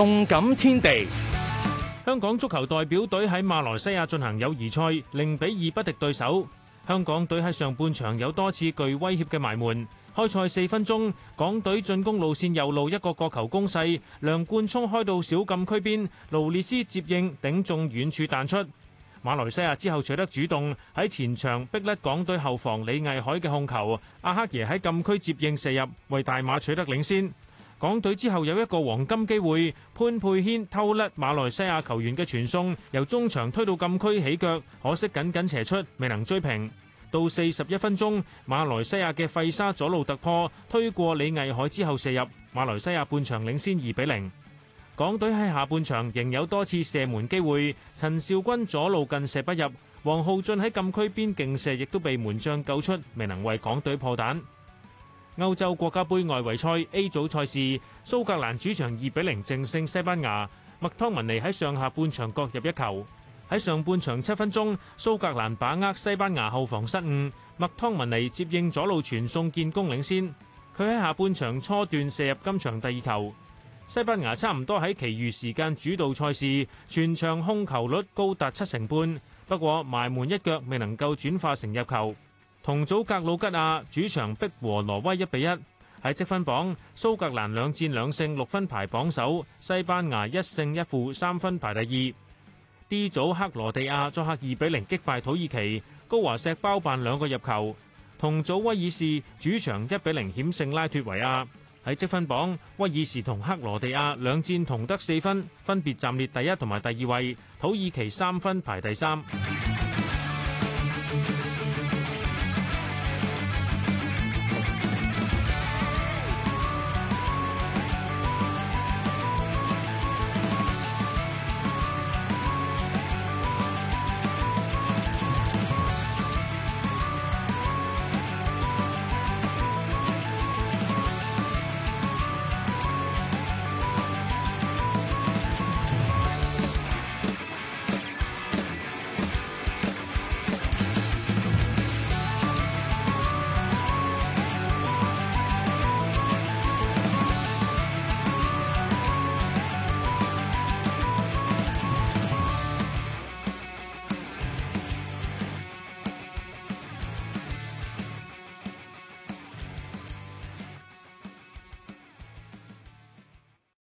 動感天地，香港足球代表隊喺馬來西亞進行友誼賽，零比二不敵對手。香港隊喺上半場有多次具威脅嘅埋門。開賽四分鐘，港隊進攻路線右路一個角球攻勢，梁冠聰開到小禁區邊，勞烈斯接應頂中遠處彈出。馬來西亞之後取得主動，喺前場逼甩港隊後防李毅海嘅控球，阿克爺喺禁區接應射入，為大馬取得領先。港隊之後有一個黃金機會，潘佩軒偷甩馬來西亞球員嘅傳送，由中場推到禁區起腳，可惜僅僅斜出，未能追平。到四十一分鐘，馬來西亞嘅費沙左路突破，推過李毅海之後射入，馬來西亞半場領先二比零。港隊喺下半場仍有多次射門機會，陳肇鈞左路近射不入，王浩俊喺禁區邊勁射亦都被門將救出，未能為港隊破蛋。歐洲國家盃外圍賽 A 組賽事，蘇格蘭主場二比零淨勝西班牙，麥湯文尼喺上下半場各入一球。喺上半場七分鐘，蘇格蘭把握西班牙後防失誤，麥湯文尼接應左路傳送建功領先。佢喺下半場初段射入今場第二球。西班牙差唔多喺其餘時間主導賽事，全場控球率高達七成半，不過埋門一腳未能夠轉化成入球。同組格魯吉亞主場迫和挪威一比一，喺積分榜蘇格蘭兩戰兩勝六分排榜首，西班牙一勝一負三分排第二。D 組克羅地亞作客二比零擊敗土耳其，高華石包辦兩個入球。同組威爾士主場一比零險勝拉脫維亞，喺積分榜威爾士同克羅地亞兩戰同得四分，分別暫列第一同埋第二位，土耳其三分排第三。